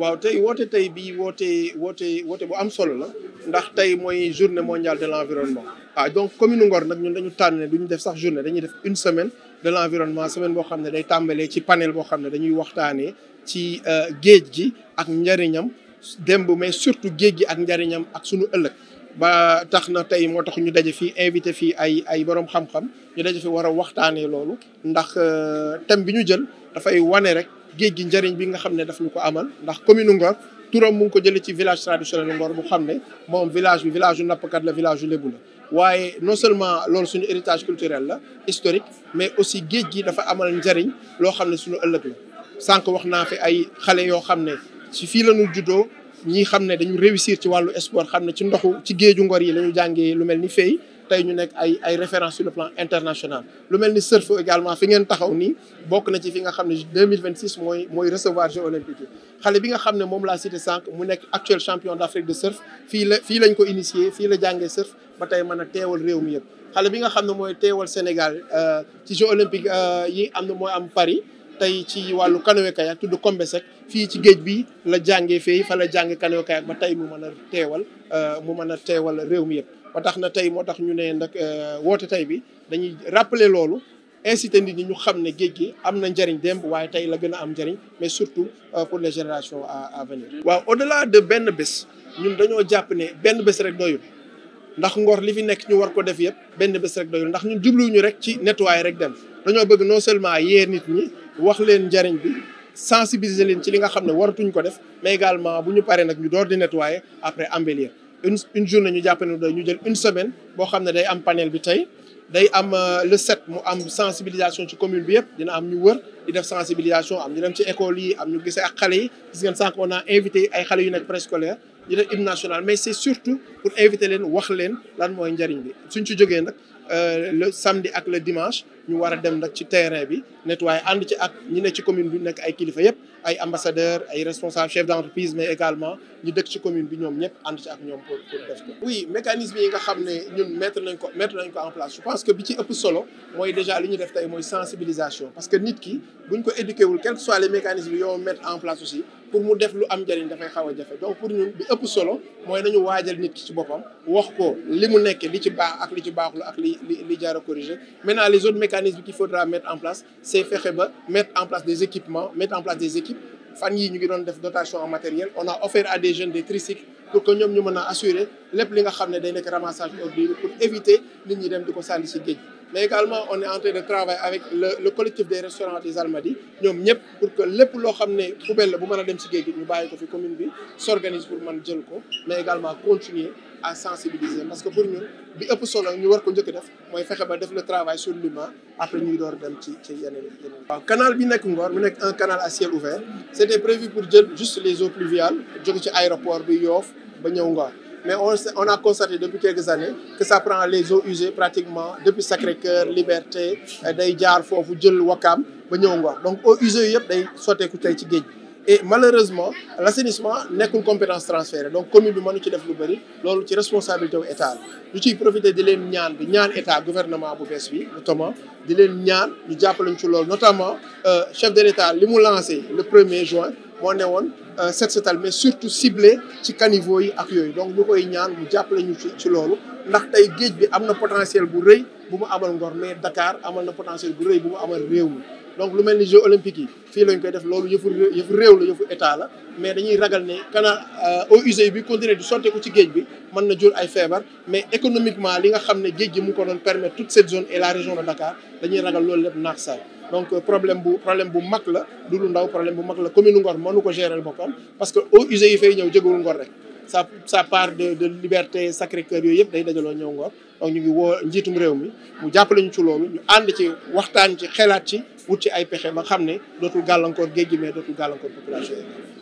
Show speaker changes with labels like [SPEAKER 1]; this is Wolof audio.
[SPEAKER 1] waaw tey woote tey bii woote woote woote bu am solo la ndax tey mooy journée mondiale de l'environnement ah donc commune Ngor nag ñun dañu tànn ne duñu def sax journée dañuy def une semaine de l'environnement semaine boo xam ne day tàmbalee ci panel boo xam ne dañuy waxtaanee ci euh, géej gi ak njariñam démb mais surtout géej gi ak njariñam ak sunu ëllëg ba tax na tey moo taxu ñu daje fii invité fii ay ay borom xam-xam ñu daje fi war a waxtaanee loolu ndax euh, thème bi ñu jël dafay wane rek géej gi njariñ bi nga xam ne daf ñu ko amal ndax commune Ngor turam mu ngi ko jëlee ci village traditionnel Ngor bu xam ne moom village bi village yu nappkat la village yu lébu la waaye non seulement loolu suñu héritage culturel la historique mais aussi géej gi dafa amal njariñ loo xam ne suñu ëllëg la sànq wax naa fi ay xale yoo xam ne si fii la juddoo ñi xam ne dañu réussir ci wàllu sport xam ne ci ndoxu ci géeju ngor yi la jàngee lu mel ni fay tey ñu nekk ay ay référence sur le plan international lu mel ni surf également fi ngeen taxaw nii bokk na ci fi nga xam ne 2026 mooy mooy recevoir jeux olympiques yi bi nga xam ne moom laa cité sànq mu nekk actuel champion d'Afrique de surf fi la fii lañ ko initié fii la jàngee surf ba tey mën a teewal réew mi yëpp xale bi nga xam ne mooy teewal Sénégal euh, ci jeux olympiques euh, yi am na mooy am Paris tey ci wàllu canoë kayak tudd Combé Seck fii ci géej bi la jàngee fii fa la jàng canoë kayak ba tey mu mën a teewal euh, mu mën a teewal réew mi yëpp ba tax na tey moo tax ñu ne nag euh, woote tey bi dañuy rappeler loolu inciter nit ñi ñu xam ne géej gi am na njariñ démb waaye tey la gën a am njëriñ mais surtout euh, pour les générations à waaw au-delà benn bés ñun dañoo jàpp ne benn bés rek doyul ndax ngor li fi nekk ñu war ko def yëpp benn bés rek doyul ndax ñun jubluwuñu rek ci nettoyer rek dem dañoo bëgg non seulement yee nit ñi wax leen njariñ bi sensibiliser leen ci li nga xam ne waratuñ ko def mais également bu ñu paree nag ñu door di nettoyer après embellir une une journée ñu jàpp day ñu jël une semaine boo xam ne day am panel bi tey day am euh, le sept mu am sensibilisation ci commune bi yëpp dina am ñu wër di def sensibilisation am ñu dem ci école yi am ñu gise ak xale yi gis ngeen sànq a invité ay xale yu nekk préscolaire di def hymne national mais c'est surtout pour inviter leen wax leen lan mooy njariñ bi suñ ci jógee nag euh, le samedi ak le dimanche ñu war a dem nag ci terrain bi nettoyer ànd ci ak ñi ne ci commune bi nekk ay kilifa yëpp ay ambassadeur ay responsable chef d'entreprise mais ñu dëkk ci commune bi ñoom ñëpp ànd ci ak ñoom pour pour def ko. oui mécanisme yi nga xam ne ñun mettre nañ ko mettre nañ ko en place je pense que bi ci ëpp solo mooy déjà li ñu def tey mooy sensibilisation parce que nit ki buñ ko éduqué wul quels que soient les mécanismes yoo mettre en place aussi. pour mu def lu am jariñ dafay xaw a jafe donc pour ñun bi ëpp solo mooy nañu waajal nit ki ci boppam wax ko li mu nekkee li ci baax ak li ci baaxul ak li li li jaar a corriger maintenant les autres mécanismes qu'il faudra mettre en place c'est fexe ba mettre en place des équipements mettre en place des équipes fan yii ñu ngi doon def dotation en matériel on a offert à des jeunes des tricycles pour que ñoom ñu mën a assurer li nga xam ne day nekk ramassage ordures pour éviter nit ñi dem di ko sànni mais également on est en train de travailler avec le le collectif des restaurants des Almadies ñoom ñëpp lépp loo xam ne poubelle la bu mën a dem ci géej gi ñu bàyyi ko fi commune bi s'organise pour man jël ko mais également continuer à sensibiliser parce que pour ñu bi ëpp solo ñu war ko njëkk def mooy fexe ba def le travail sur l'humain après ñuy door dem ci ci yeneen yeneen waaw bi nekk Ngor mu nekk un canal à ciel ouvert c'était prévu pour jël juste les eaux pluviales jóge ci aéroport bi Yoff ba ñëw Ngor Mais on, on, a constaté depuis quelques années que ça prend les eaux usées pratiquement depuis Sacré-Cœur, Liberté, euh, Dayjar, Fofu, Djel, Wakam, ba ñëw Ngor donc eaux usées yëpp day sotteeku tey ci géej et malheureusement l' assainissement nekkul compétence transférée donc commune bi mënu ci def lu bëri loolu ci responsabilité wu état la ñu ciy profité di leen ñaan di ñaan état gouvernement bu bees bi notamment di leen ñaan ñu jàppalañ ci loolu notamment euh, chef de l' état li mu lancé le premier juin moo ne woon euh, set setal mais surtout ciblé ci caniveau yi ak yooyu donc ñu koy ñaan mu jàppale ñu ci ci loolu ndax tey géej bi am na potentiel bu rëy bu mu amal Ngor m Dakar amal na potentiel bu rëy bu mu amal réew mi donc lu mel ni jeux olympiques yi fii lañ koy def loolu yëfu yëfu réew la yëfu état la mais dañuy ragal ne kana canal euh, eaux usées bi continuer di sotteeku ci géej bi mën na jur ay feebar mais économiquement li nga xam ne géej gi mu ko doon permettre toute cette la région de Dakar dañuy loolu lépp naax saay euh, problème bu problème bu mag la du lu ndaw problème bu mag la commune Ngor mënu ko gérer boppam parce que eaux usées yi fay ñëw jégul Ngor rek sa sa part de de liberté Sacré-Cœur yooyu yëpp day dajaloo ñëw Ngor donc ñu ngi woo njiitum réew mi mu jàppale ñu ci loolu ñu ànd ci waxtaan ci xelaat ci wut ci ay pexe ba xam ne dootul gàllankoor géej gi mais dootul gàllankoor population yi